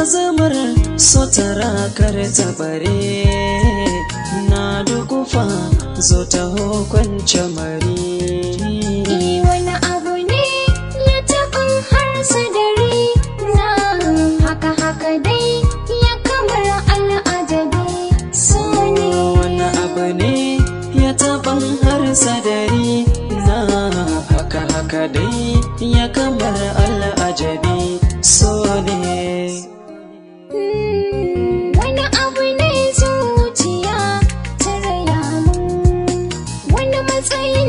da zamar sotara kar ta bare na dukufa zo ta hukunce mari wani abu ne ya taɓin har sadari na haka haka dai ya kamar al'ajabi so ne wani abu ne ya taɓin har na haka haka dai ya kamara al'ajabi so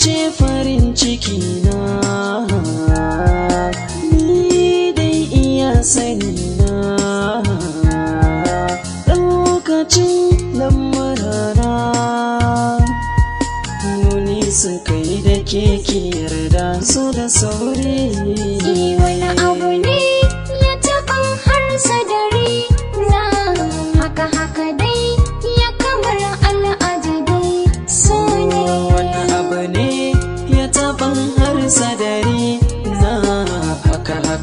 ce farin ciki na ni dai iya sani na lokacin lamarara nuni su kai da keke yarda su da sauri wani abu ne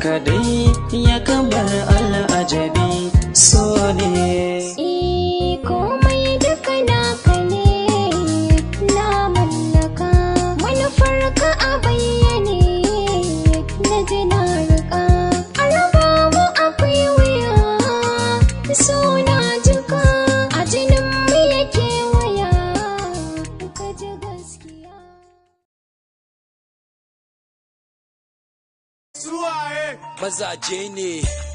kadai ya kama Suwaye a ne.